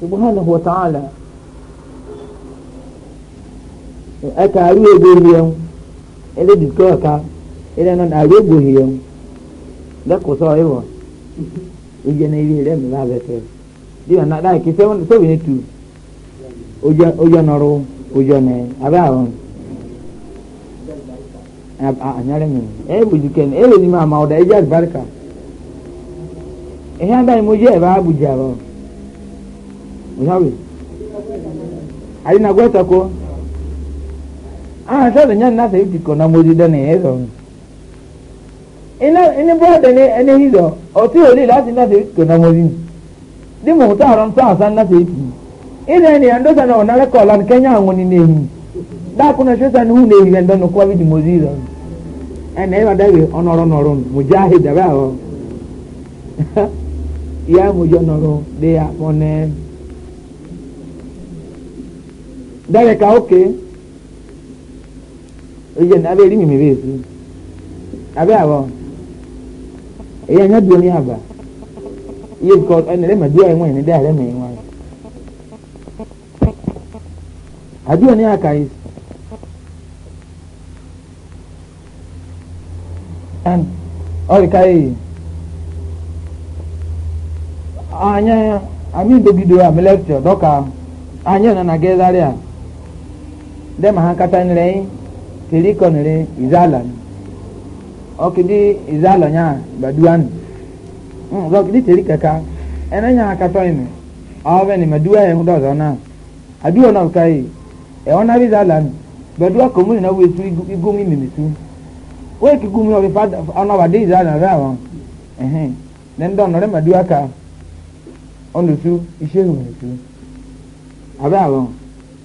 subhanahu wa ta'ala aka aru egohi yẹn ele dikọ ọka ele nan aru egohi yẹn lẹkọsọ ẹwọ ìjẹ na ilé rẹ mi lábẹ fẹ díẹ̀ náà láì kí sẹ́wọ́n sẹ́wọ́n yẹn tu ojú ọ̀nọ́rọ́ ojú ọ̀nà ẹ̀ abẹ́ àwọn ànyàrẹ́ mi ẹ bùjú kẹ́ni ẹ ma ma ọ̀dà ẹ jẹ́ àgbàríkà ẹ̀yà mo jẹ́ ẹ̀ bá bùjú mihawi alina gweta ko ah sasa nyani nasa yuti kona mwezi dani hizo ina ini bwada ni ene hizo oti holi lati nasa yuti kona mwezi di muta haram sa hasan nasa yuti ina ni ando sana onale kola ni kenya hangu ni nehi da kuna shosa ni hune hizo ndo nukua viti mwezi hizo ene hiwa dawe onoro noro mujahid abaho ya mujo noro dea mone dare ka oke oye na abe erimi mebe esu abe abo eya anya duo ni aba iye ko ene lema duo e enwe ni dare me e enwe aduo ni aka is and ori kai anya ami dogido am lecture doka anya na na gezari dem ha kata ni rei tiri ko ni rei izala ni okidi izala nya badua ni mm so kidi tiri kaka ene nya kata ni awe ni madua ye ndo zona aduo na kai e ona bizala ni badua ko mu na wetu igumi mimitu we ki gumi o fa ona wa de izala ra wa eh den don no re madua ka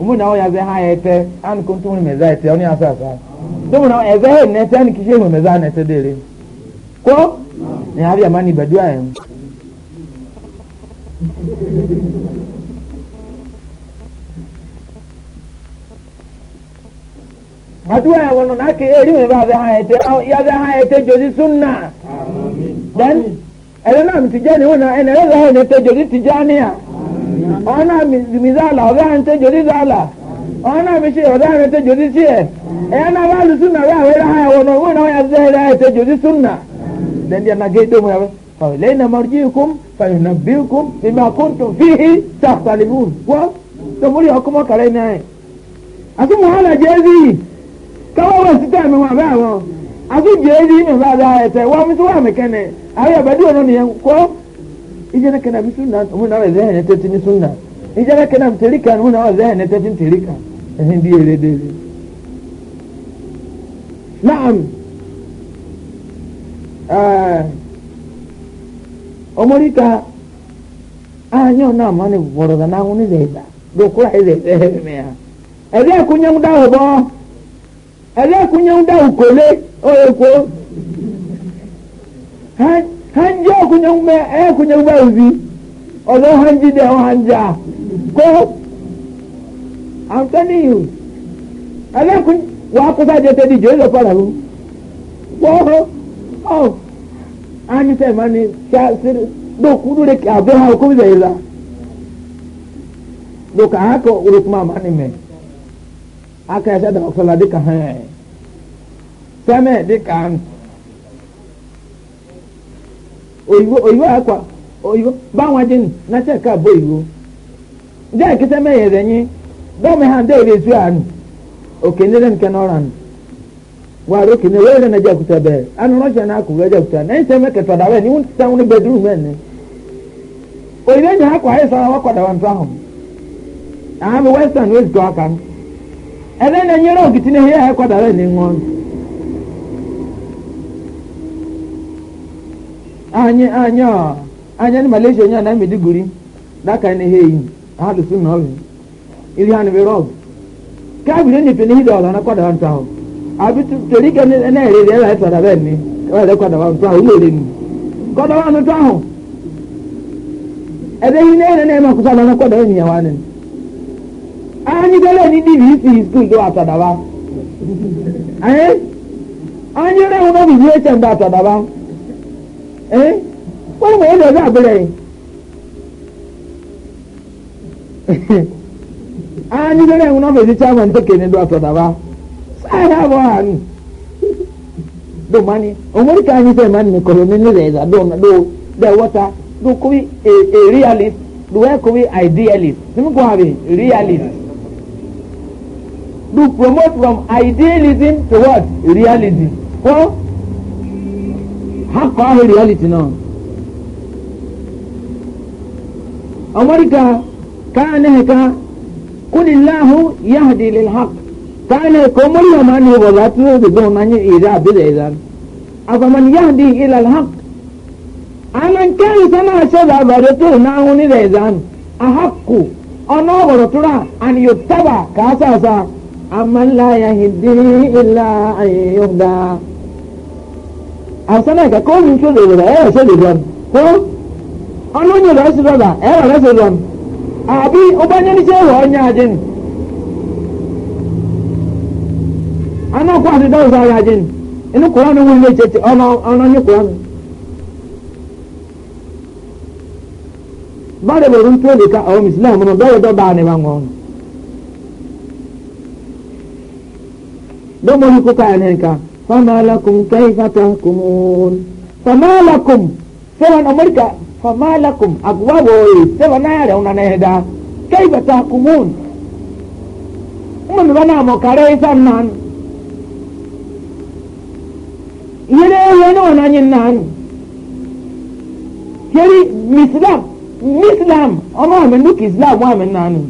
umu na oya ze ha ete an kuntu ni meza ete oni asa asa domo na eze he ne te ni kishe mu meza ne te dele ko ni abi amani badua em badua ya wono na ke eri me ba ze ha ete ya ze ha ete jozi sunna amen then ele na mtijani wona ene ele he ne te jozi ya ọ̀nà mìzàlà ọ̀gá àwọn tẹ jòdì zàlà ọ̀nà mìṣe ọ̀gá àwọn tẹ jòdì tiẹ̀ ẹ̀yà e náà bá lùsùn náà wíwá wíwá ha wọn wọn náà yà zẹ́ ẹ̀rẹ́ tẹ jòdì sunna dẹ́ndé ẹ̀nà gédé mu yàrá fàwílẹ́ iná mọ̀rọ̀jì ikùn fàyọ̀nà bí ikùn bímọ akóńtò fíhí sàkpàlìbùn wọ́n tó múlí ọkọ́mọ kàrẹ́ náà yẹn. àti muhala jẹ́ẹ́sì káwọ́ wọ̀ sí táìmù wọn àbẹ́ àwọn àti jẹ́ẹ́sì ìmọ̀ bá dáa ẹ̀sẹ̀ wọ́n mi tó wà mí kẹ́nẹ̀ àwọn ìyàbẹ̀dúwọ̀n náà nìyẹn kọ́ ijana kana bi sunna mun na zai ne tatin sunna ijana kana bi tarika mun na zai ne tatin tarika eh ndi ere de na'am ah eh, omorika anyo na mane boro da na nguni zai da do kula zai zai me ya ere kunya mudawo bo ere kunya mudawo kole o eko hai hanji akunyaguma ɛyɛ eh, akunyaguma awuzi ɔno hanji deɛ ɔno hanji a ko i'm telling kun wakusa de oh, te di joli lɔpɔ la o wɔɔrɔ ɔ anyi sɛ ma ni sa siri do kudu de a bɛ ha do ka ha kɛ ma ni mɛ a kɛ sɛ dama fɔlɔ de ka hɛn sɛmɛ oyibo oyibo akwa oyibo báwọn jẹ nù n'ahyẹ ká bọ oyibo jẹ́ ìkísẹ́ mẹ́yẹ̀ rẹ̀ yín dọ́ọ̀mì hàn dẹ́wọ̀ lè zu àánú òkè nílẹ̀ nìkan náà nù wà á rókè ní wẹ́rẹ́ rẹ̀ nàjà kùtà bẹ́ẹ̀ anu rọ́ṣẹ̀ náà kù wẹ́jà náà wọ́n ti bẹ́ẹ̀dúrú ayé sọ̀rọ̀ wọ́n kọ̀dà wọn fáwọn anyị anya anya ni malaysia nya na mediguri daka ni heyi ahadu sunna obi ili hani bi rob ka bi ni pe ni hido na kwada nta ho abi tori na ere ere la tada be ni wa le kwada wa nta ho ni ere ni kwada wa nta ho ebe hi ne na ma kusa na kwada ni ya wa ni anyị gele ni dvc school do atada ba eh? anyị anyị re ho na bi bi eche mba atada ba eh wani mai yadda za a bire a ni dare mu na bai ji chairman take ne do atoda ba sara ba hannu do mani umar ka ni sai mani ko ne ne zai da do do da wata do ko a, a realist do we ko bi idealist ni mu ko abi realist do promote from idealism to what realism ko akọ ahụ reality nọ ọmọdika kaane ka kulilahu yahdi lil haq kaane ka ọmọdi na maa n'ihe bọlọ ati n'oge gbọmọ n'anya ịza abịza ịza afaman yahdi ila al haq ana nke ịsa na-ahyɛ za abadị tụrụ n'ahụ n'ịza ịza ahakụ ọnụ ọhụrụ tụrụ a yotaba ka aman la yahdi ila ayyuhda asana ka ko mi ko lebe la ɛyɛ sɛ lebe am ko ɔno nyɛ lɛ ɔsi lɔla ɛyɛ lɛ ɔsi lɔm abi ɔba nyɛ nisɛ wɔ ɔnyɛ adin ana kɔ adi dɔw sɔ ɔyɛ adin ɛnu kura ni wuli tete ɔnɔ ɔnɔ nyɛ kura mi bari bɛ runtu ɛdi ka ɔwɔ misilamu no dɔw dɔ baa ne ba ŋɔn dɔw mo ni kuka yɛ ne nka. فما لكم كيف تحكمون فما لكم سبحان أمريكا فما لكم أقوابه سبحان يرون نهدا كيف تحكمون من بنا مكاري سنان يلي ينون عن النان يلي مسلم مسلم أما من نوك إسلام ومن نانو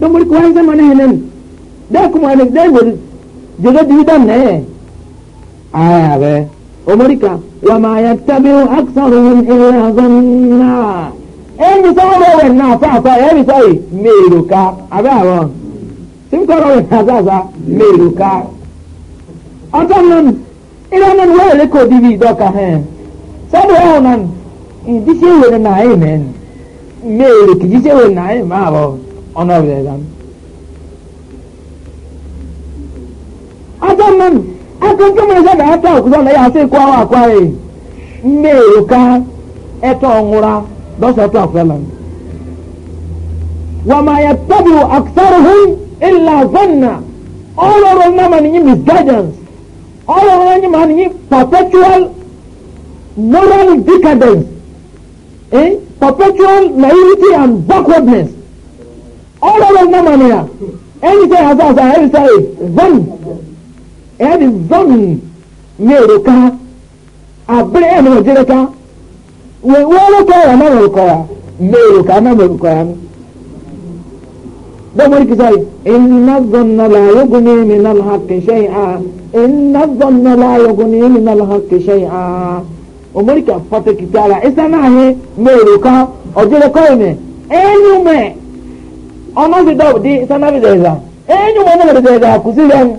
دمرك وين زمان هنن dẹ́ẹ̀ kó mu àná dẹ́ẹ̀ wòlé jòló dibi dá nà ẹ̀ ayé abẹ omorika wàmà ayé tẹ́bi akisọ̀rọ̀ wọn ẹ̀rọ azọ́n náà ẹ̀mí sọ́wọ́ bẹ̀ wẹ̀ náà fàáfà ẹ̀mí sọ́yì mèrò ká abẹ́ àwọn sínkọ́rọ̀ wẹ̀ náà sàṣà mèrò ká ọ̀tọ́ nínú ìlànà nínú wọ́n èkó dibi ìdọ́ka hẹ́n sọ́dọ̀ ẹ̀hún náà ìdíṣẹ́ ajá mẹ́nu akẹ́kọ̀ọ́ mi ṣẹ̀dá ẹ̀tọ́ òkúta ọ̀nà yàtọ̀ ikú àwọn àkọ́ rẹ̀ ní èrò ká ẹ̀tọ́ ọ̀nwúra lọ́sọ̀ ẹ̀tọ́ àfẹ́lá wọ́n máa yẹ tọ́bù àkùsárùhún ìlà zọ́nà ọlọ́rọ̀ náà mà nìyí misguidance ọlọ́rọ̀ náà mà nìyí perpetual moral decadence eh? perpetual naivety and backwardness ọlọ́rọ̀ náà mà nìyà ẹni tẹ́ yà sọ àṣà ẹni tẹ́ yà zọ́nà ɛdi zɔmi nyere ka abiri ɛna ɔdiri ka wɛ wɔɔrɔ kɔ ya n'ama ɔkɔ ya nyere ka n'ama ɔkɔ ya mi dɔmɔri kisa yi ina zɔnna la yogo ni mi na la kisɛ yi a ina zɔnna la yogo ni mi na la kisɛ yi a ɔmɔri ka fata kita la isa naa ye nyere ka yi mɛ ɛnu ɔnɔ bi dɔw di isa dɛ zan ɛnu ɔnɔ bi dɛ zan kusi lɛ.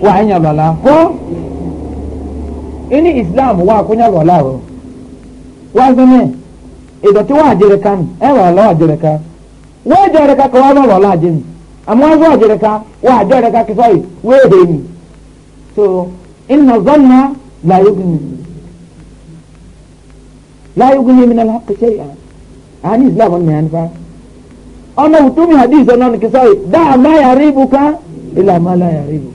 wa anyalwala ko ini islam wa akunyalwala o wa zeme idọti wa ajereka ni ẹ wà lọ ajereka wa ajereka ka wa bọ lọla ajemi àmọ wa zọ ajereka wa ajereka kisọ yi wa èdè ni so ina zọnna layogini layogini mi na la kẹsẹ yi a ani islam ọ̀nà yẹn nípa ọ̀nà hadith ọ̀nà kìsọ̀ yìí dáa má yàrá ibùka ìlà la yàrá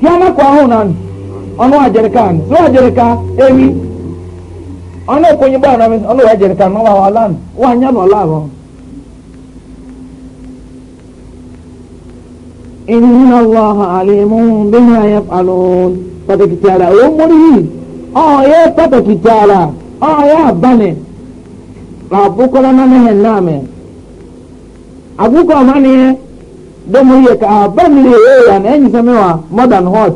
hiama kwa ho nan ono ajerika no ajerika emi ono konyi ba na mi ono ajerika no wa alan wa nya no la ho inna allaha alimun bima yaf'alun pata kitara o mori o ye pata kitara o ya bane la bukola na ne na me abuko dɔm yɛ ka abanire eya eh, na enyi sɛ mewa modern hot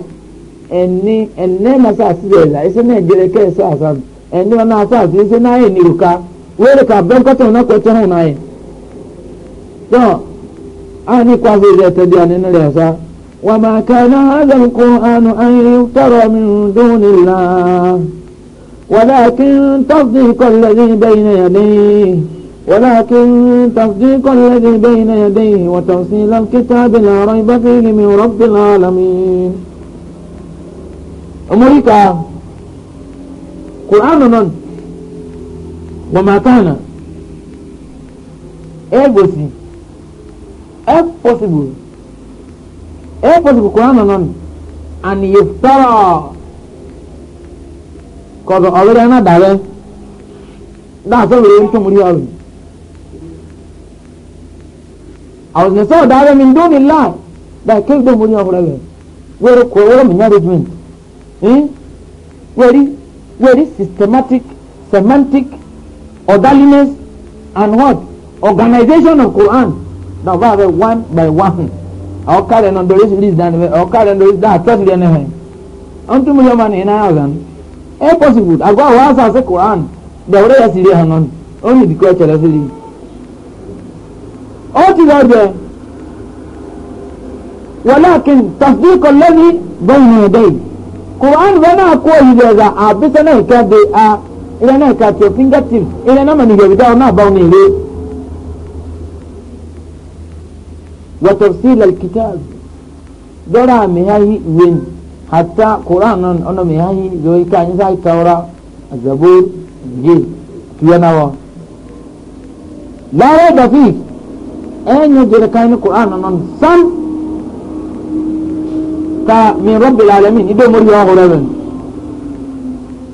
ɛni ɛnɛ na sa asi dɛ la ɛsɛ na ɛgyere kɛ ɛsɛ asa ɛni na asa asi ɛsɛ na ayɛ niruka wɛrɛ ka abɛn kɔtɔn na kɔtɔn ho na yɛ tɔ a ni yɛ tɛ ani ne lɛ sa wama kana adam kur'anu an yutara min duni la walakin tafi kɔlɔli bɛyi na yɛ dee. ولكن تصديق الذي بين يديه وتفصيل الكتاب لا ريب فيه من رب العالمين أمريكا قرآن نن وما كان egosi if possible if possible quran non an yuftara kọdọ ọlọrọ ẹ náà dàrẹ dáa sọ wẹrẹ ń tó mu ní ọrùn. àwọn ìṣẹ̀ṣẹ̀ ọ̀dà rẹ̀ mi dóni láì dà kéwì tó mo ní ọkùnrin rẹ̀ wẹ́rẹ́ kọ wẹ́rẹ́ mi ní arrangement wẹ́rí wẹ́rí systematic semantic orderliness and what organization of quran na ọba rẹ one by one àwọn kárẹ̀ náà dọ̀rẹ́ sí list dání àwọn kárẹ̀ dọ̀rẹ́ sí dáa tọ́sí lẹ́nu ẹ̀ ọ̀n tún mi yọ ọmọ nìyẹn náà ọ̀gá ni ẹ̀ possible àgọ́ àwọn quran dọ̀rẹ́ yẹ sí ilé hàn náà ó ní ìdíkọ́ ẹ̀kẹ́rẹ́ أوتي ذلك ولكن تصديق الذي بين يديه قرآن بنا كوي ذا أبسنا كدي أ إلى نكا تفين جتيم إلى نما نجيب دارنا بوني لي وتفصيل الكتاب دورا مهاي وين حتى قرآن أنا مهاي ذوي كان يساي تورا الزبور جيل كيانا لا ريب فيه enyo jere kaini qur'an non sam ka min rabbil alamin ido mori wa horaben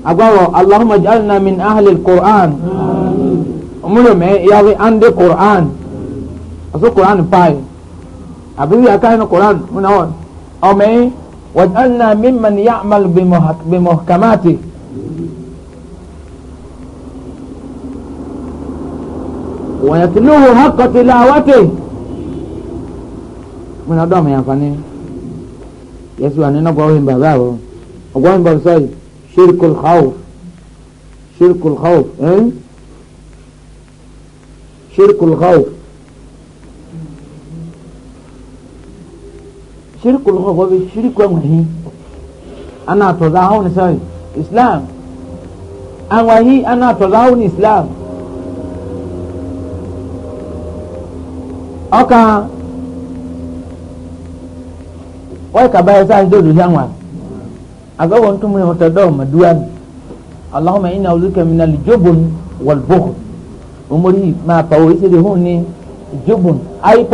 agbawo allahumma ij'alna min ahli alquran umulo me yawe ande qur'an aso qur'an pai abi ya kaini qur'an muna won o me waj'alna mimman ya'mal bi muhkamati ويتلوه حق تلاوته من أدام ينفعني يسوع أننا قوهم باباه قوهم بابساي شرك الخوف شرك الخوف إيه؟ شرك الخوف شرك الخوف هو شرك ومهي أنا تضعون ساي إسلام أنا وهي أنا تضعون إسلام ọka wai ka baya sa do ruhi anwa aga won tum ne hota do maduan allahumma inna a'udhuka min al-jubn wal bukhl umuri ma pawo ise de honi jubn ai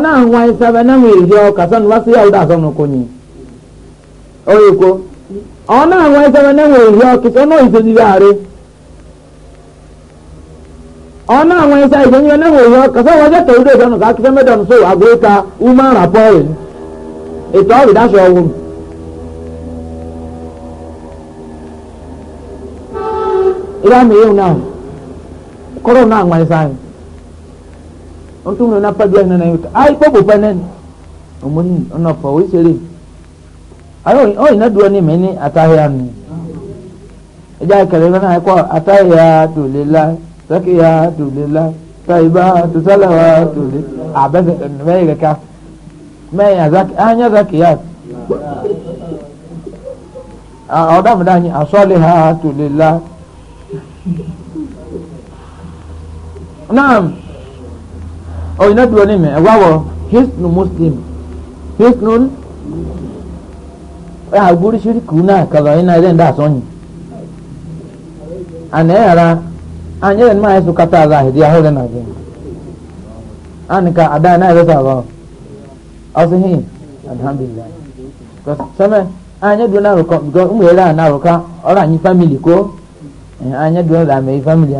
na be isa bana mu iri o ọ na-anwa na enwere ihe ọtụtụ ọ nọghị isoziri arị ọ na-anwa ịsa nye na enwere ihe ọkụ sọ wọjọ tọrọ ụdọ ọdọ ka akịta mẹdọ nso agụrụ ka ume ara pọrị na-anwa ịsa anyị nwere na na ayo oyi oh, na duwa ni mi ni atahia ah, ah, ah, oh, ni ẹja kẹlẹ náà ẹkọ atahia tòlélá sẹkìyà tòlélá tàyíbá tòsálàwà tòlé àbẹsẹ mẹyìn kẹkẹ mẹyìn azaki anya zakiyat ọdọmọdé anyi asọliha tòlélá naam oyi oh, na duwa ni mi ẹwà wọ hisnu muslim hisnu. agbórí ṣíríkù náà kàlọ́ iná ẹ̀rẹ́ ń dà sọ́yìn na ẹ̀ra anyẹ́rẹ́ ní máa ẹ̀sùn kátà àzá àhìdí ahọ́rẹ́ náà jẹ́ ànìkà àdá iná ẹ̀rẹ́ ụmụ ọ̀sìn a na sọ́mẹ́ ọrụ anyị famili rùkọ́ bìkọ́ ń na àná rùkọ́ ọ̀rọ̀ ànyí fámìlì na anyẹ́ na náà àmì fámìlì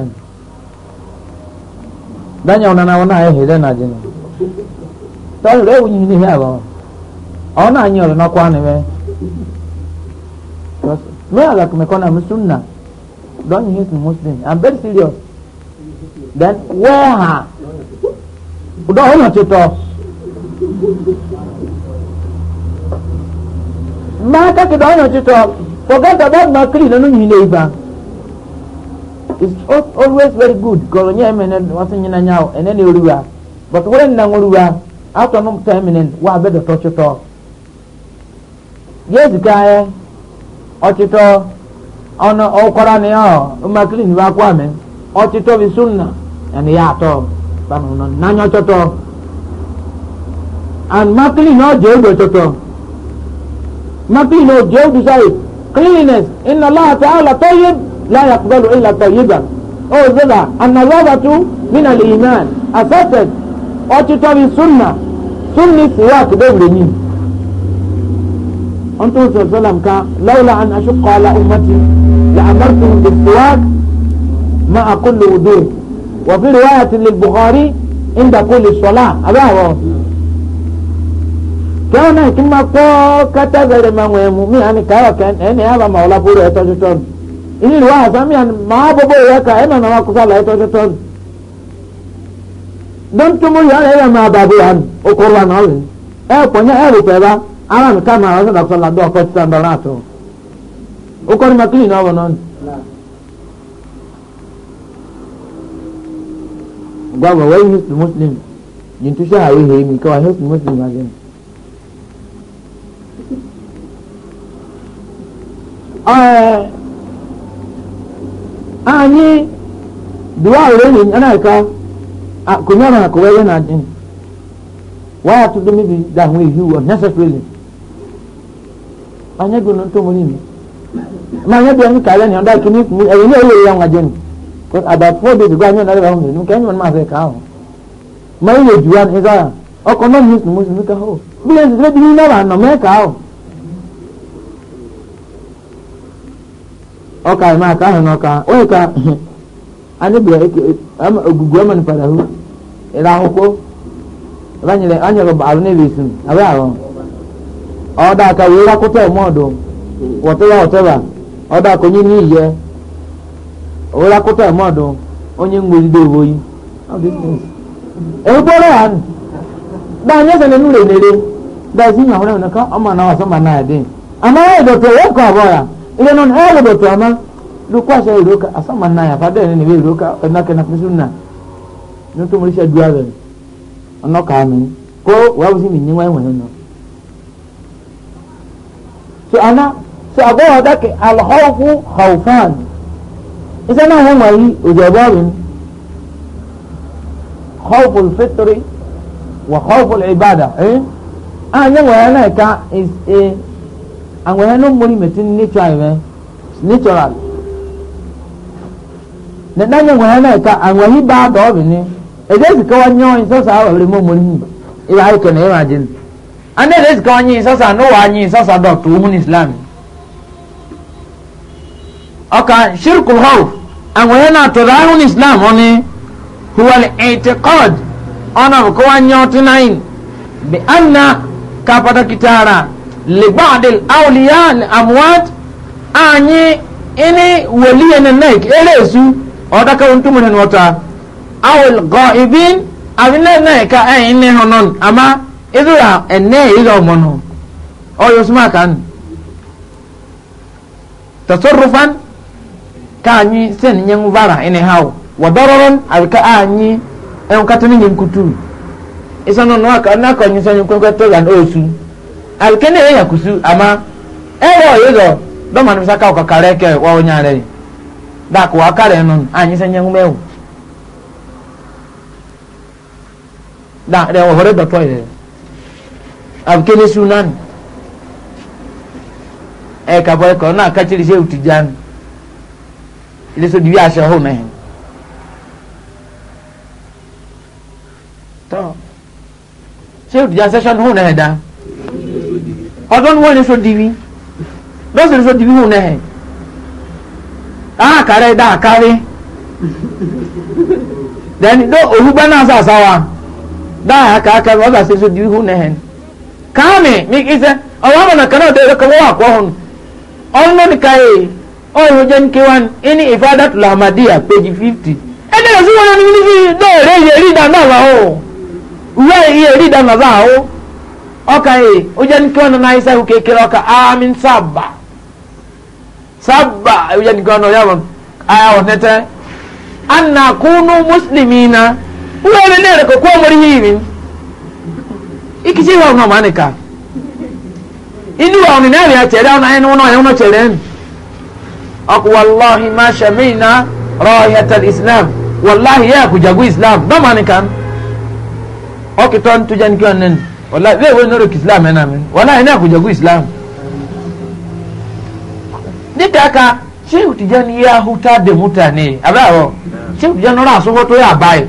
anyị ọrụ anyị mee. Because me Allah kumekona I'm Sunnah. Don't hate Muslim. I'm very serious. Then wear her. Udah hona chito. Oh. Mata ke dono chito. Oh. Forget about makri no nyi neiba. It's always very good. Because Kolonya emene wasenye na nyao enene uruwa. But when na nguruwa, out of time enen wa bedo to chito. jesuka ọchịchọ ọnụ ọkwara na ya ụmakiri n'iwe akwa me ọchịchọ sunna na ya atọ n'anya ọchọtọ and makiri na ọjọ egbe ọchọtọ na egbe sorry cleanliness inna allah ta'ala tayyib la yaqbalu illa tayyiban o oh, and na min al-iman accepted ọchịchọ sunna sunni siwa أنت صلى الله عليه كان لولا أن أشق على أمتي لأمرتهم بالسواك مع كل وضوء وفي رواية للبخاري عند كل صلاة أباه كان كما كتب من ويمومي أنا كايا كان أنا هذا ما ولا بوري أتوشتون إني الواحد سامي أن ما بابو يكا أنا ما كفالة أتوشتون دمتم يا ما بابو أقول أنا أقول أقول أنا أقول ara mi ka ma ara sada sala do akɔ tita mbara ato o kɔni ma clean awɔ nɔni gbama wɔyi hisu muslim yintu sɛ ayi hɛ mi kawa hisu muslim azɛn ɛɛ anyi duwa awore ni ana ka a kò nyɛ ma kò wɛyɛ na den wàá tó dé mi bi dahun ihu anyago no ntomo ni ma nya bi an ka ya ni onda kini mu e eh, ni ele ya ngaje ni ko aba fo de gba nya na ba mu ni kan man ma fe ka ho ma ye juan eza o ko no ni mu ni ka ho bi le de bi na ba no me ka ho o ka ma ka ho no ka o ka ani bi e am ogugu man para ho ila ho ko ranyele anyalo ba ne lisun aba ho ọdọ akawe wakọtọ ọmọdọ wọtẹba wọtẹba ọdọ akonye ní ìyẹ òwúrọ akọtọ ọmọdọ onye ń gbèrú dèrò yìí èwúkọ rẹ hàn dáhùn yẹsẹ nínú rẹ nìire dáhùn sí ìyàwó rẹ nìkan ọmọ náà wà sọmọ náà dín àmọ ẹ dọtọ ẹ kọ àbọ ya ilé náà ẹ lọ dọtọ ọmọ lukú àṣà ìrókà àsọmọ náà yàtọ adé ẹni níbi ìrókà ẹnà kẹnà fún súnà ní tó mọ iṣẹ dúró rẹ ọ̀nà kàá mi kó wàá wọ sí mi níwáyé wọ̀nyẹn náà so ana so agogo dake alhawfu hawfan isa na hon wayi ujabarin khawfu alfitri wa khawfu alibada eh anya waya na ka is a àwọn ẹni múri mẹtí nature rẹ natural e? nana nye wọn ẹni ẹka àwọn ẹni bá dọọbì ni èdè èsì kọwọ nyọ ẹni sọsọ àwọn ẹni mọ múri yìí ìlà ayé kẹne ẹ máa jẹ nù ane lezi ka sasa no wanyi sasa do tuumun islam aka shirkul khawf anwe hena to dahun islam oni huwa al-i'tiqad ana ko wanyo tinain bi anna ka pada kitara li ba'd al-awliya al-amwat anyi ini wali ne naik elesu oda ka untum ne wata aw al-ghaibin abinna naika ayin eh, ne honon ama Israel ene Israel mono oyo smakan tasarrufan ka anyi sen nyen vara ene hawo wa dararan alka anyi en katani nyen kutu isano no aka na ka nyen sen kwen to yan osu alkene e yakusu ama ewo yodo do man misa ka ka kareke wa onyare da ko akare non anyi sen nyen mewo da de wo hore do to abukele sunan ẹ kabọ ẹ kọ náà kàtìrì sẹ òtù jan ilẹsọ dibi aṣọ hó mẹhìn tọ sẹ òtù jan sẹsọ hó náà dá ọdọ ni wọn ilẹsọ dibi lọsọ ilẹsọ dibi hó náà ah kàrẹ dá kàrẹ dẹni dọ òhùgbẹ náà sàṣà wa dá àkàkà ọgbà sẹsọ dibi hó náà kaame mi isa awama na kana da ka wa ko hon onnon kai o yo jen kiwan ini ifadat lahmadia page 50 ene so wona ni ni do re ye ri da na wa o we ye ri da na ba o o kai o e, jen kiwan na isa ku ke kira ka amin sabba sabba o jen kiwan ya man aya o nete anna kunu muslimina we ne ne ko ko mori himin ikisi wa una manika inu wa ni nari ya chere ona enu ona enu chere en aku wallahi ma shamina rayat islam wallahi ya ku jagu islam no manika okiton tujan kiwa nen wallahi we we noro islam ena men wallahi na jagu islam nitaka shehu tijani ya hutade mutane abawo shehu tijani ora so to ya bai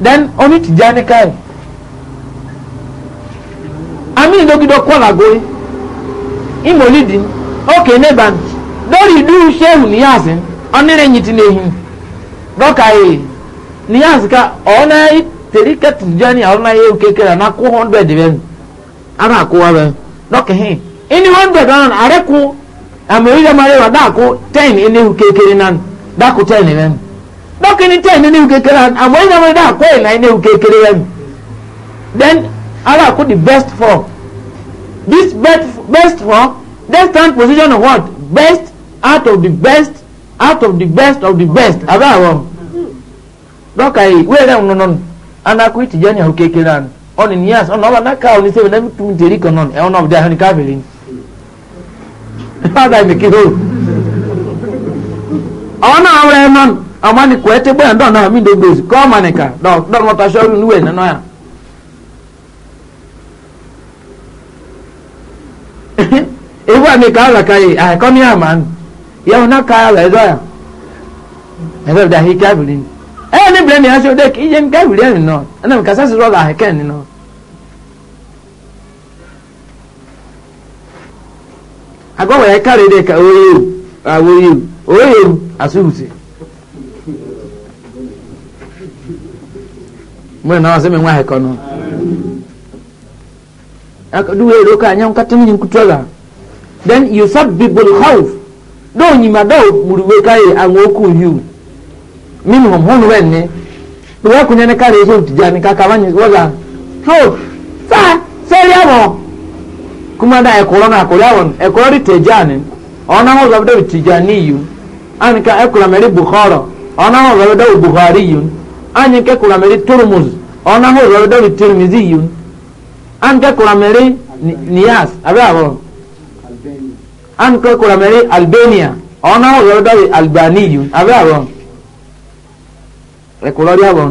Den, only tijani kai amini dogido kwala goyi imolidi oke neban dori du shehu ni yazin onire nyiti nehin e. ka e ni yazika ona terika tijani ona ye ukekera na ku 100 ben ara ku wa ben doka he ini 100 don are ku amiri da mare wa da ku 10 ini kekere na da ku 10 ben e dɔkɛ ni tɛn ni ukekere an amɔ yi namɛ daa kɔɛ na yi ne ukekere yɛ then ala ko the best for this best best for that stand position of what best out of the best out of the best of the best abe awɔ dɔkɛ yi wo yɛrɛ ŋun nɔnɔ anako iti jɛ ni ukekere an ɔni ni yas ɔni ɔba naka ɔni sebe nami tum teri kan nɔni ɛwɔn ɔbi da ɛwɔn ka beli ɛfɛ ada yi mi kiri o ɔwɔ naa awura yɛ nɔni amani kwete bwana ndo na mi ndo bezi kwa maneka ndo ndo mtashauri niwe na noya ewa mi ka la kai ah komi aman ya na ka la do ya ebe da hi ka bulin eh ni blame ya so de ki je mi ka bulin no ana mi ka sa so la heken no agwa wa ka kare de ka oyo awoyo oyo asubuti mwe na waseme mwa hekono akaduwe roka nyam katini nkutwala then yusabbibu alkhawf do nyima do muriwe kai angoku yu mimi hom honu wenne duwa kunyane kare so tijani kakawanyi waza ho sa seriamo kuma da ekoro na akoro awon ekoro ri tejani ona ho zabdo tijani yu anka ekura meri bukhara ona ho zabdo bukhari yun anyi nke kuramere turmuz ona ho ro do tirmizi yun an ke kuramere niyas abi abo an ke kuramere albania ona ho ro do albani yun abi abo rekulori abo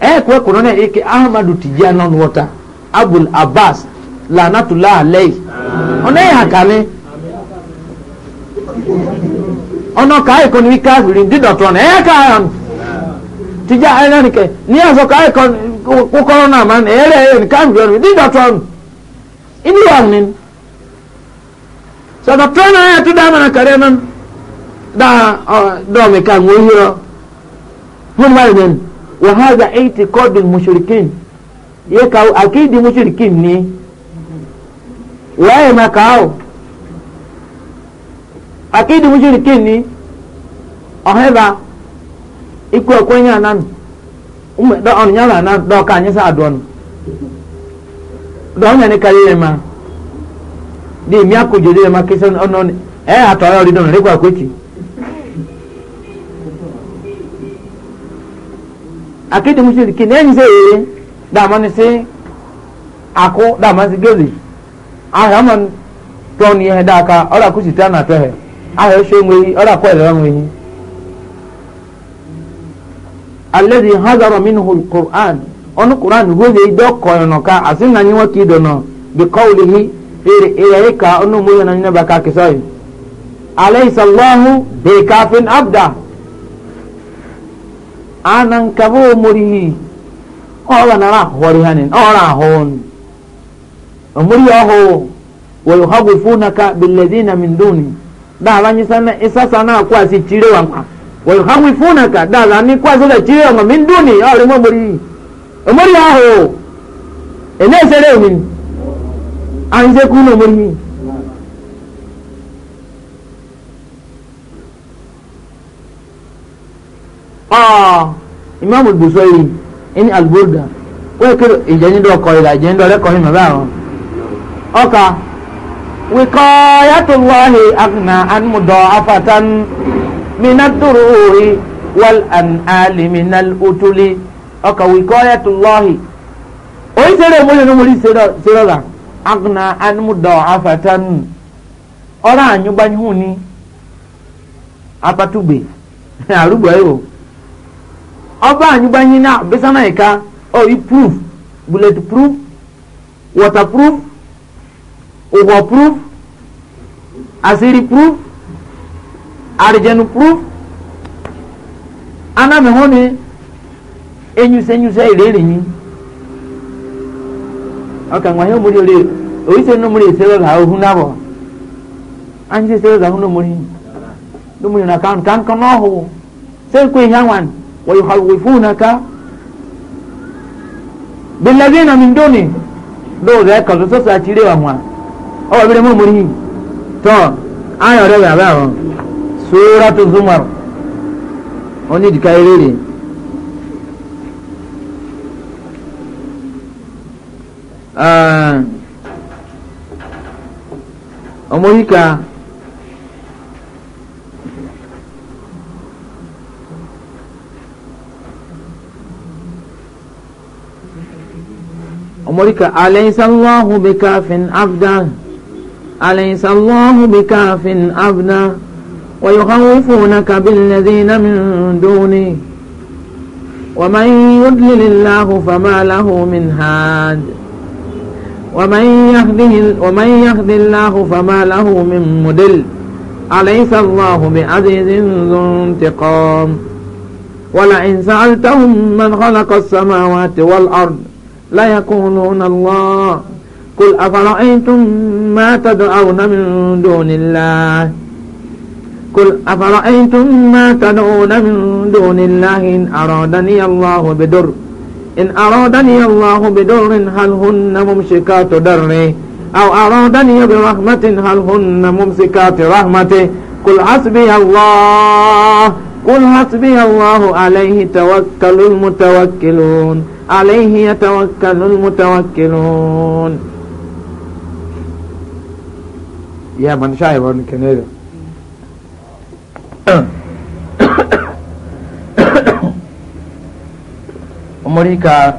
e kwe kunone iki ahmadu tijana wota abul abbas lanatullah alayhi ona ya kale ona kai kon wika rin didotone e ka tija aina nike ni aso kai e kon ku corona man ere en kan gyon di doctor ini wan nin so doctor na ya e tuda mana kare nan da do me kan wo hiro mun mai nen wa hada i'tiqadul mushrikin ye ka akidi mushrikin ni waye makao akidi mushrikin ni aheba ikwe ekwenye anan ume do on nyala na do ka anyi sa don do nyane kale ma di mi akujo de ma kisan onon e atoro ri don rekwa kwechi akéde musiriki n'enyi sè é dàmani sè akó dàmani sè gèlè alẹ́dì hazara minhul qur'an ọ̀nà qur'an wọ́ọ̀dẹ̀ ìdọ́ kọ̀ọ̀nà ká àsìnà yín wọ́n kì í dọ̀nà bìkọ́wùlì hi èrè èrè ká ọ̀nà mọ́yọ̀ náà nínú bàkà kìsọ́ yìí. aleyhisallahu bèkàfin abda anankabo morihi ọ̀rọ̀ nara àhọ́rí hanin ọ̀rọ̀ àhọ́n ọ̀mọ́rí ọ̀họ́ wọ́n yóò hagu fúnaka bìlẹ̀dínà mìndóni dáhàbá wọ̀lùfáwífúnàkà dára ní kwazọ́lẹ̀ tí ọmọ mi ń dùn ní ọ̀rẹ́ mọ́ mórí ọmọrí ahò ẹ̀nà ìṣẹ̀lẹ̀ mi à ń ṣekú ní ọmọrí ìmáàmù gbèsò yìí ẹni àlùbọ́dà wọ́n kéré ìjẹ́nidọ́ ọkọ̀ ìlà ìjẹ́nidọ́ ọlẹ́kọ̀ọ́ yìí màbá àwọn ọkà wíkọ́ yàtọ̀ wọ́ọ̀hì àgùnà ànúmọ̀dọ̀ afátánù. من الدروع والأنعال من الأتل أكا وقاية الله أي سيرة مولي نمولي سيرة أغنى عن مضاعفة ọ̀rọ̀ àyùnbáyún ni apatugbe àrùgbọ̀ ẹ̀rọ ọba àyùnbáyún náà bísánà ìka ọ̀rí proof bullet proof water proof over proof àṣírí proof arijanu proof anami honi enyuse enyuse irere nyi ọkà nwa ihe omori ore oise n'omori esere la ohu n'abọ anyị esere la ohu n'omori n'omori na ka nka nka n'ọhụ sekwe ihe anwan wọyi halwifu na ka bilabi na mindoni lóòrè ẹkọ tó sọsọ àti ilé wa wọn ọwọ bí lè mú omori yìí tọ ayọ rẹ wà báwọn suratu zumar wọ́n ní ìdíkà eré rèé. Ah. ọmọ yìí ka ọmọ yìí ka alẹ́sàlọ́hùn bí káfíń abdá alẹ́sàlọ́hùn bí káfíń abdá. ويخوفونك بالذين من دونه ومن يضلل الله فما له من هاد ومن يهده ومن يهد الله فما له من مدل أليس الله بعزيز ذو انتقام ولئن سألتهم من خلق السماوات والأرض يكونون الله قل أفرأيتم ما تدعون من دون الله قل أفرأيتم ما تدعون من دون الله إن أرادني الله بدر إن أرادني الله بدر هل هن ممسكات دري أو أرادني برحمة هل هن ممسكات رحمتي قل حسبي الله قل حسبي الله عليه توكل المتوكلون عليه يتوكل المتوكلون يا من شايف كنيدي umurika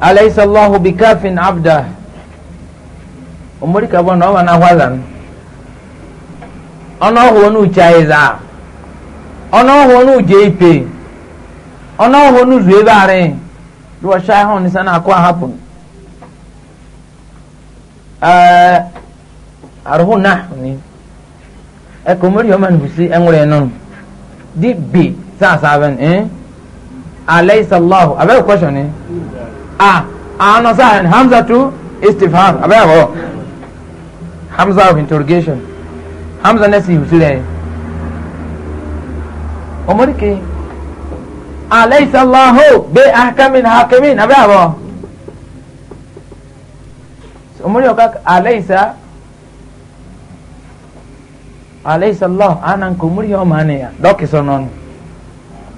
alaysa allahu bikafin abda umurika bwana wana hwalan ọnụ ọhụụ n'uchaiza ọnụ ọhụụ n'uje ipe ọnụ ọhụụ n'ụzọ ebe arị ruwasha ahụ nisa na-akụ ahapụ arụhụ na. ekomori yoman husi engure non di bi sa saben eh alaysa allah abe question eh ah ana sa hamza tu istifham abe ho hamza of interrogation hamza nasi husire omori ke alaysa allah bi ahkamin hakimin abe ho omori okak alaysa alayhisallahu ana nkomuri ya ọmaani ya dọkịsọ nọ nụ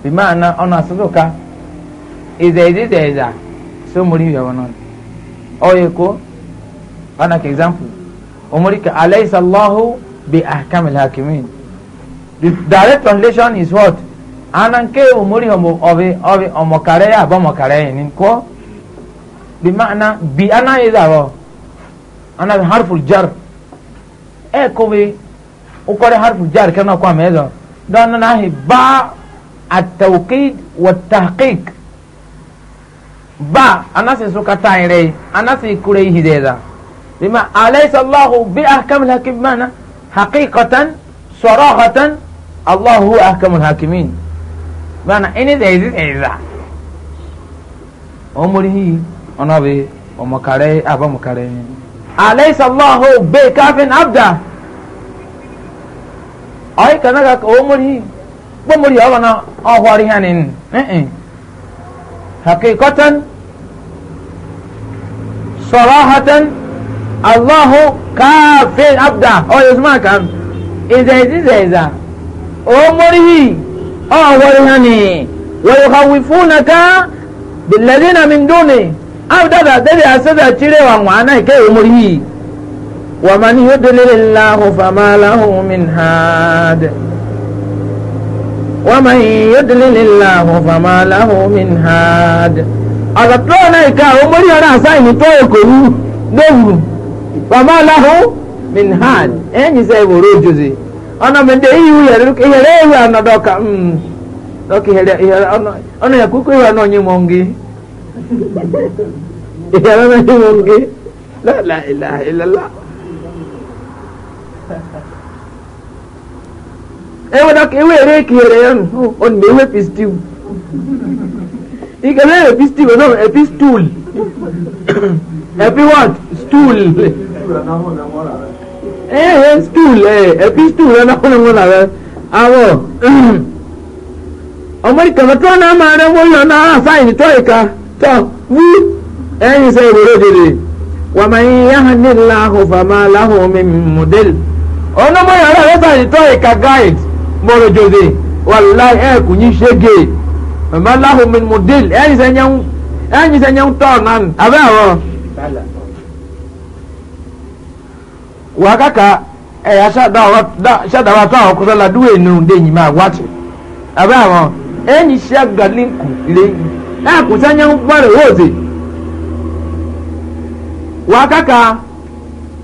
bimaana ọ na-asụsụ ka ịza ịza ịza ịza somori ya ọ nọ nụ ọ ya ko ọ ka example omori ka alayhisallahu bi ahkamil hakimin the direct translation is what ana nke omori ọbị ọbị ọmọkara ya abụ ọmọkara ya ni nkọ bimaana bi anaghị ịza ọ ana harful jar ekobe ukore harfu jar kana kwa mezo don na hi ba at-tawqid wa tahqiq ba anase suka tayre anase kure hideza bima alaysa allah bi ahkamil hakim mana haqiqatan sarahatan allah huwa ahkamul hakimin mana ini da izin iza omori hi onabe omokare abamokare alaysa allah bi kafin abda ayi kana ka o mori bo mori ya wana o hwari hanin eh eh hakikatan sarahatan allah kafin abda o yuzma kan iza iza iza o mori o hwari hanin wa yukhawifunaka billadhina min duni abda da dai asada cirewa wana kai o mori ومن يدلل الله فما له من هاد ومن يدلل الله فما له من هاد أغطلون إيكا أمري أنا سايم تويكو دور فما له من هاد أين يسيب روجزي أنا من دي إيو يرلوك إيهريو أنا دوكا دوكي هيريو أنا يكوكو أنا نيمونجي أنا نيمونجي لا لا إله إلا الله ewe dọka ewe ere kere ya nụ ọ na ewe pistil ike mere pistil ọdọ epi e stool epi what stool ee ee stool ee epi stool e ya n'ọhụrụ nwụrụ n'ara awọ ọmọdé kàmá tó náà máa rẹ wọ́n yọ náà fáìní tó ìka tó wú ẹ̀yìn sẹ́yìn lórí òdìrí wàmáyé yáhàn nílá ahùfàmá láhùn mi mọ̀dẹ́lì ọ̀nà mọ̀ yàrá rẹ fáìní tó ìka gáìdì mọ́rọ̀ jòzè wàlúláì ẹ̀ kò ní ṣége màmá láhùnmí mùdíl ẹ̀yìn sẹ́yìn ń tọ̀ náà abẹ́ àwọn. wà á kàkà ẹ̀yà ṣàdáwà tó àwọn kọ́sọ́lá dúwẹ̀ nù déyìn máa wáàtì abẹ́ àwọn ẹ̀yìn ṣàgàlínkù lẹ́yìn ẹ̀ kò sẹ́yìn ń wọ́ọ̀sì wà á kàkà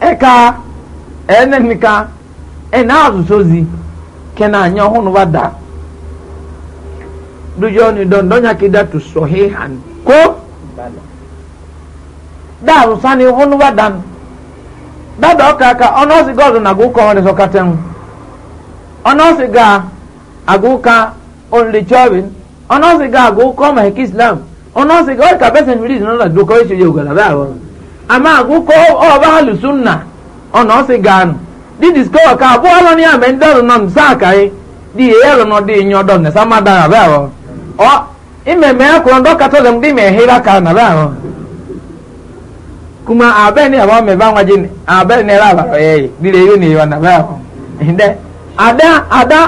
ẹ̀ka ẹ̀ẹ́nẹ́nìka ẹ̀ náà àtúnṣe kena anya no wada ni don donya kida sahihan ko da rusani ho no wada da do kaka ono si na gu ko so katem ono si ga aguka only ono ga islam ono si ga ka besen mi no na do ko ama o ba di discover ka abu ala ni ame ndọrọ nọ nza ka yi di ye yẹlọ nọ di nyọ dọ nẹsẹ ama da na bẹẹ wọ ọ imẹmẹ akọrọ ndọ kata lẹmu di mẹ hira ka na bẹẹ wọ kuma abẹ ni abọ mẹ bá wọn jẹ abẹ ni ẹlẹ abalọ yẹ yi di le yi ni yọ na bẹẹ wọ ndẹ ada ada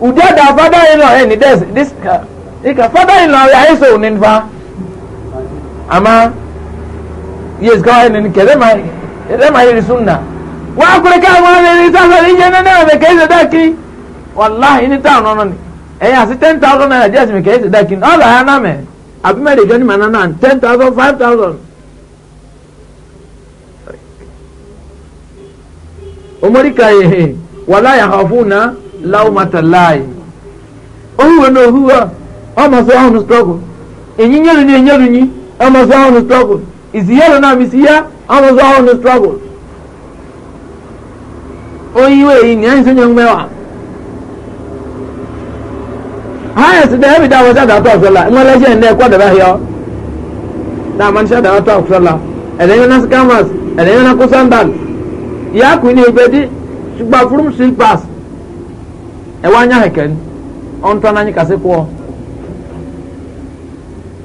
udi ada fada in law ẹni dẹ dis ka ika fada in law yà ẹsẹ nfa ama yes gawa ni kẹlẹ ma kẹlẹ ma yẹ sunna. wọ́n kúrẹ́ káwọn ẹni sáfẹ́ ní jẹ́ nínú ẹ̀mẹ̀ kẹ́sì dákì wàláhì ní táwọn ọ̀nà ni ẹ̀yìn eh, ten thousand naira jẹ́sì mi kẹ́sì dákì ní ọ̀là ayáná mẹ́ àbí mẹ́rin ìjọ ní màá náà ten thousand five thousand. omorika yìí wàlá wala hàn fún ni o yi wei ni anyi sɛnyɛ ŋmɛwa haya si dɛ ebi da wɔ sɛ da tɔ fɛla ŋmɛlɛ sɛ ndɛ kɔ dɛbɛ hɛ da man sɛ da tɔ fɛla ɛdɛ yɛ na scammers ɛdɛ yɛ na di gbafurum slippers ɛwɔ anya hɛkɛn ɔntɔn anyi kase kɔ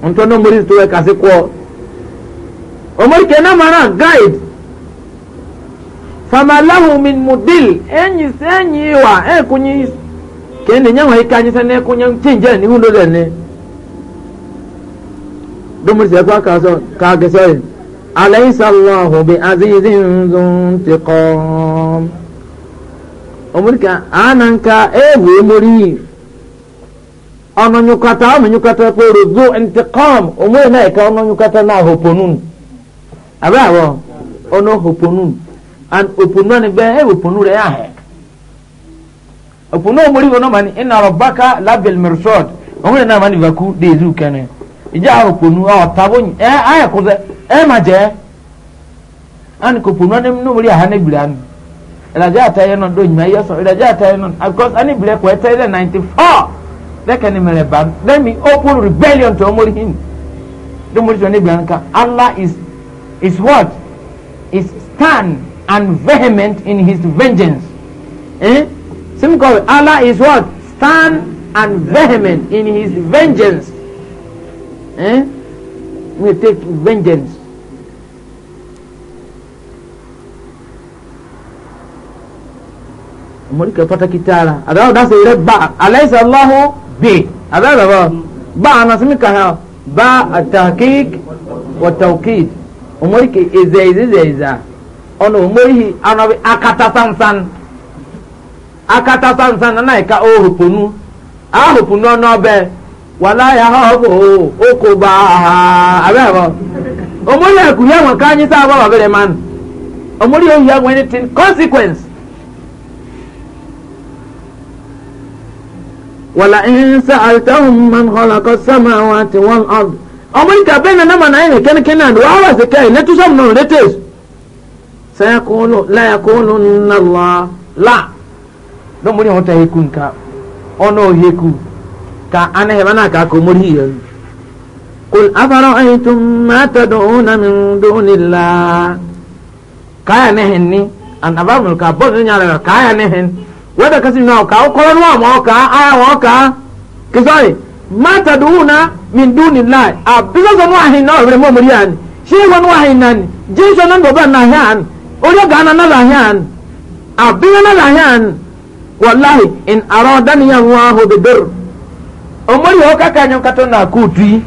ɔntɔn no mori to yɛ kase kɔ guide fama lahu min mudil enyi senyi wa e kunyi kende nyangwa ikanyi sene kunya tinje ni hundo dene dumur se kwa kaso ka gese alaysa allah bi azizin zuntiqam omurka ananka e bu muri nyukata ono nyukata ko ruzu intiqam omwe na ka ono nyukata na hoponun abawo ono hoponun and òpònú ẹni bẹ́ẹ̀ ẹ̀ òpònú rẹ̀ yà hẹ̀ òpònú ọmọdé wọn mọ̀ ní ẹ̀nà ọ̀bákà label mersod ọmọ yẹn náà mọ̀ ní vaku déédú kẹ́ni ìjà òpònú ọ̀tàbó ẹ̀ ayẹ̀ kó sẹ́ ẹ̀ má jẹ́ ẹni kò òpònú ẹni ní ọmọdé àhánẹ́ bìrẹ̀ ni ìdájọ́ àtẹ̀yẹ náà dọ̀nyìmá yẹ sọ ìdájọ́ àtẹ̀yẹ náà because ẹni bìrẹ̀ kọ ẹtẹ́ ilẹ̀ ninety four lẹ́kẹ̀ni mẹ̀rẹ̀ bá let me open rebellion to ọmọdé him ọmọdé sọ ní bìrẹ̀ nìkan Allah is is what is stand and vehement in his vengeance. Eh? Simple. Allah is what? Stern and vehement in his vengeance. Eh? We take vengeance. mọ̀lìkẹ́ pàtàkì tààrà àdáwọ̀ dáṣe rẹ̀ bá aláìsà aláhùn bè àbẹ́rẹ̀ bá bá ànàsímì kàhà bá àtàkìk wàtàkìd ọmọlìkẹ́ ẹ̀zẹ̀ ẹ̀zẹ̀ ẹ̀zẹ̀ ẹ̀zẹ̀. ọnụ omorihi anọghị akata sansan akata sansan nanaghị ka o hụpụnụ ọnụ ọbẹ. wala ya ha ọbụ okoba ha abịa omori eku ya nwe ka anyị saa agba babere man omori ohi ya nwe anything consequence ولئن سألتهم من خلق السماوات والأرض أمريكا بين نما نعين sayakulu layakulunna Allah la no muri hota heku nka ono heku ka ana heba na ka ko muri yan qul afara'aytum ma tad'una min dunillah kaya ne henni an abamul ka bodu nyala kaya ne hen wada kasi na ka ko ronwa mo ka aya wo ka kisai ma tad'una min dunillah abizo zanwa hin na bre mo muri yan shi wanwa hin nan jinso nan do ban na yan onye ga na rahan abinye na rahan wallahi in aradani ya nwa ahụ bibir omori ọka ka anyị nkatọ na kutu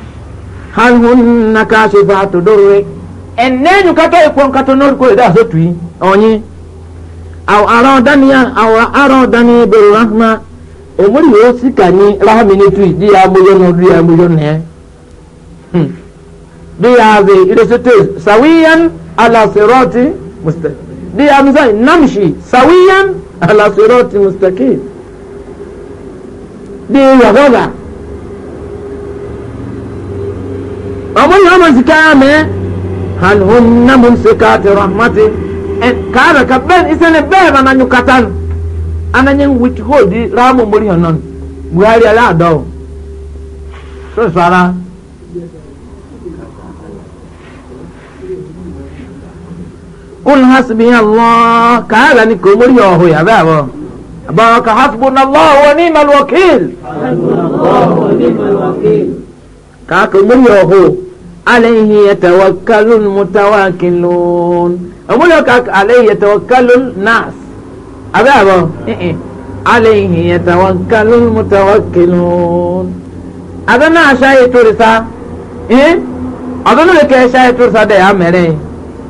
hal hun na ka se fa to dore enne nyu kato ikwo nkato no ko da so tu onyi aw aradani ya aw aradani bir rahma omori o sika ni rahmi ni tu di ya mo yo no di ya mo yo ne di ya be ire so sawiyan ala sirati mustaqim bí amusan namshi sawiyan ala sirati mustaqim bí wàhọ́gà ọmọ yìí ọmọ sika mẹ́ hàn hom namun sika ti rahmati ẹ kaara ka bẹ́ẹ̀ isẹ́ni bẹ́ẹ̀ bá nanyu katan ananyin withhold ramu mori hàn nan buhari aláàdọ́ sọ̀rọ̀ sọ̀rọ̀. قل حسبي الله كهذا نكمل يوهو يا بابا بارك حسبنا الله ونعم الوكيل حسبنا الله ونعم الوكيل كاكمل يوهو عليه يتوكل المتواكلون أقول لك عليه يتوكل الناس أبابا إيه عليه يتوكل المتوكلون أظن أشاهد ترسا إيه أظن لك أشاهد ترسا ده يا مريه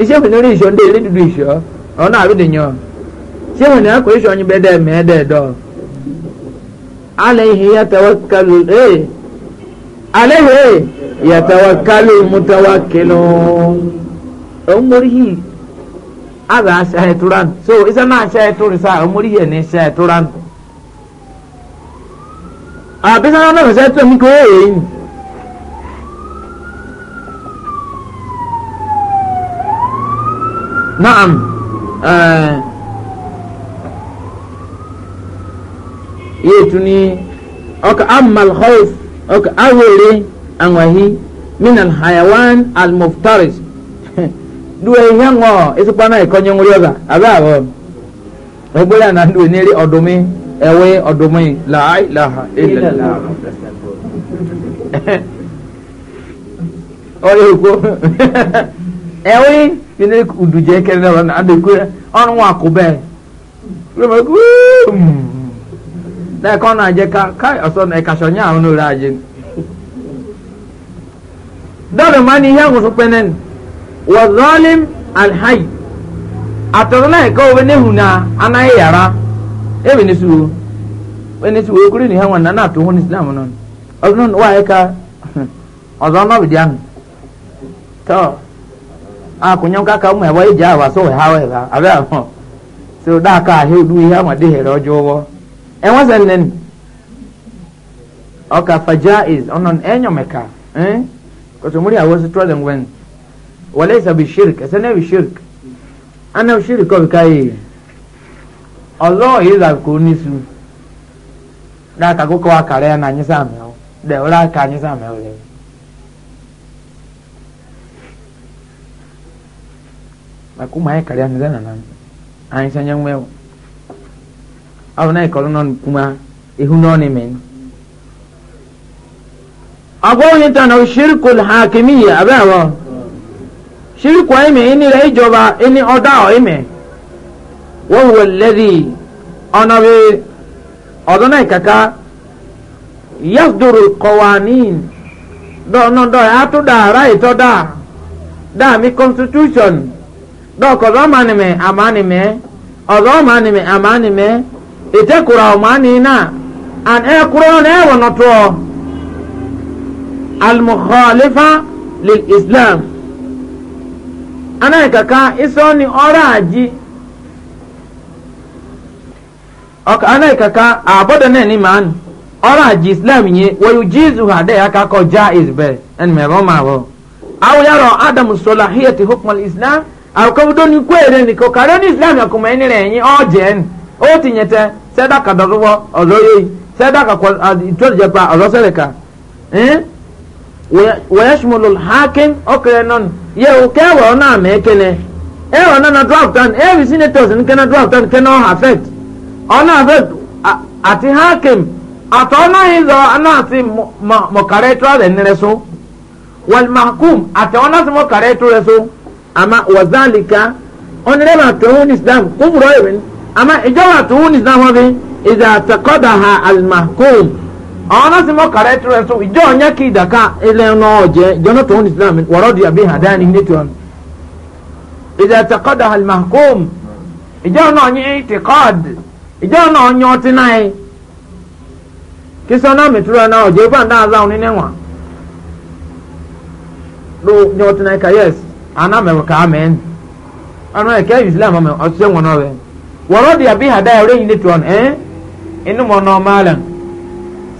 ni shehu ni ri isho ndi ri dudu isho ona abidi nyo shehu ni ako isho nyi bede me de do alayhi yatawakkalu eh alayhi yatawakkalu mutawakkilun omurihi aga ashahe turan so isa na ashahe turi sa omurihi ni ashahe turan abisa na na ashahe turan ko eh نعم آه يتني أك أما الخوف أك أولي أنوهي من الحيوان المفترس dúró ihe ń wọ ìsìnkú náà ìkọnyẹ ńwúrí ọgà àbáwọ ọgbọlẹ àná dúró nílé ọdúnmí ẹwé ọdúnmí làáì làhà ilẹ làhà ọrẹ òkú ẹwé. ine uduje ekele na na ada ekwe ọrụ nwa akụbe na ka ọ na ka ka ọsọ na onye n'ụlọ aje dọrọ ma n'ihe ngwụsụ penen wazọlim alhayi na ịka owe na anaghị yara ebe n'isiwo n'isiwo ekwuru n'ihe na na n'islam nọ ọzọ ka ọzọ bụ di ahụ akunyam kaka mu ɛwɔ egya awa so wɔ ha wɔ ha abe afɔ so daka ahe odu ihe ama de hɛrɛ ɔdzo wɔ ɛwɔ sɛ nen ɔka fagya is ɔnɔ ɛnyɔmɛka ɛn kɔtɔmori awɔ so trɔlɛ nwɛn wɔlɛ sabi shirk ɛsɛ nɛ bi shirk ana shirk kɔbi ka yi ɔzɔ yi la ko nisu daka koko akarɛ na anyisa amɛwo dɛ ɔlɛ aka anyisa amɛwo lɛ. kuma ya kariya zana nan an san yan wewo abu na ikoro non kuma ihu non men agoyin ta na shirkul hakimiyya abin abu shirku ime ini ra ijoba ini oda o ime wa huwa alladhi ana bi odona ikaka yasduru qawanin do no do atu da right oda da mi constitution dɔk ɔzɔ ma ni mɛ ama ni mɛ ɔzɔ ma ni mɛ ama ni mɛ ete kura ɔma ni na and ɛ kura na ɛ wɔnɔ tɔ almukhalifa lil islam ana yi kaka isɔ ni ɔra aji ɔka ana yi kaka abɔdɔ na ni maa ni ɔra aji islam nye wɔyu jizu ha de aka kɔ jaiz bɛ ɛnumɛ bɔ ma bɔ awo yarɔ adamu sɔlahiyati hukumar islam. akụkọbudo n'ikwu ere niko karịa onye islam akụmanyere enyi ọjen o tinyete sedaka dọrụwọ ọzọ yoyi sedaka itwejepa ọzọ sereka eh? weyashmulul hakim okere nọn yewu ka ewe ọ na-ama ekele ewe ọ na draftan ewi senators nke na draftan nke na ọha fet ọ na fet ati hakim atọ ọnaghị zọ anasị mọkara ịtụrụ adị nere so wal mahkum ati asị mọkara ịtụrụ so ama wazalika onireba tuhun islam kufuru oyin ama ìjọba tuhun islam wọn fi ìdá àtẹkọdà ha alimahkum àwọn náà sì mọ kàrẹ tó rẹ so ìjọ ọ̀nyá kì í dàka ilẹ̀ náà ọ̀jẹ̀ ìjọ náà tuhun islam wọ̀rọ̀ di àbí hàdáni nítorí wọn ìdá àtẹkọdà ha alimahkum ìjọ náà ọ̀nyẹ́ ìtìkọ́d ìjọ náà ọ̀nyẹ́ ọtí náà kí sọ́nà mìtúrọ̀ náà ọ̀jẹ̀ ìgbà náà záwọn nínú ẹ̀wọ̀n ló ní ọtí náà kà yẹ́sì ana mɛ kaa mɛ ɔno ɛkɛ islam mɛ ɔsɛ wɔn ɔbɛ wɔrɔ de abi hada yɛ ɔrɛyin ne toɔ no ɛn ɛnu eh? mɔ nɔ maala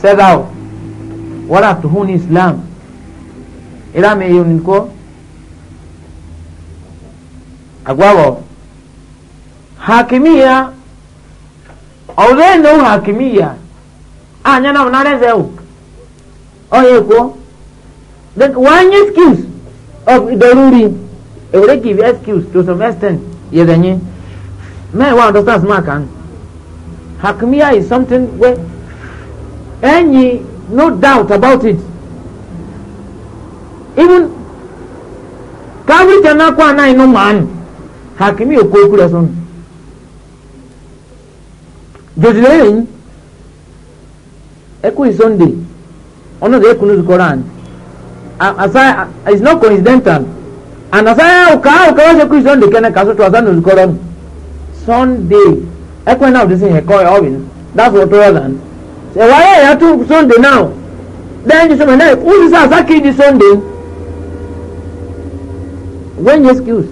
sɛdaw wɔrɔ atuhu ni islam ira mɛ yɛ oniko agwawɔ hakimiya ɔwɔdɛ ne wo hakimiya a ah, nyɛ na mo zɛ o ɔyɛ ko wanyɛ skills of oh, daruri already give excuse to some extent yedenye men wa understand smart kan hakmiya is something where any no doubt about it even kawri jana kwa na no man hakimi okoku lesun jodileyin eku is sunday ọ̀nà the koran as i is not coincidental anasaya uka uka wase kristo ndeke na kaso to azanu zikoro sunday ekwe na odisi he koy obin that's what rather than say why ya tu sunday now then you say na uzi sa saki di sunday when excuse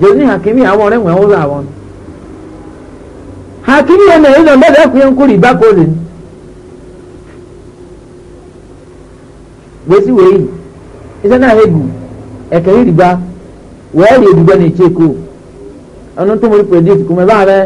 jeni hakimi awon re nwe uza awon hakimi ya na izo ndede ekwe nkuri ba kozin wesi weyi isa na hegu ẹ̀kẹ́ yìí dìgbà wẹ́ẹ̀rì èdìgbà ní ìtí èkó ọ̀nà tó mo rí predict kò mẹ́ bá rẹ̀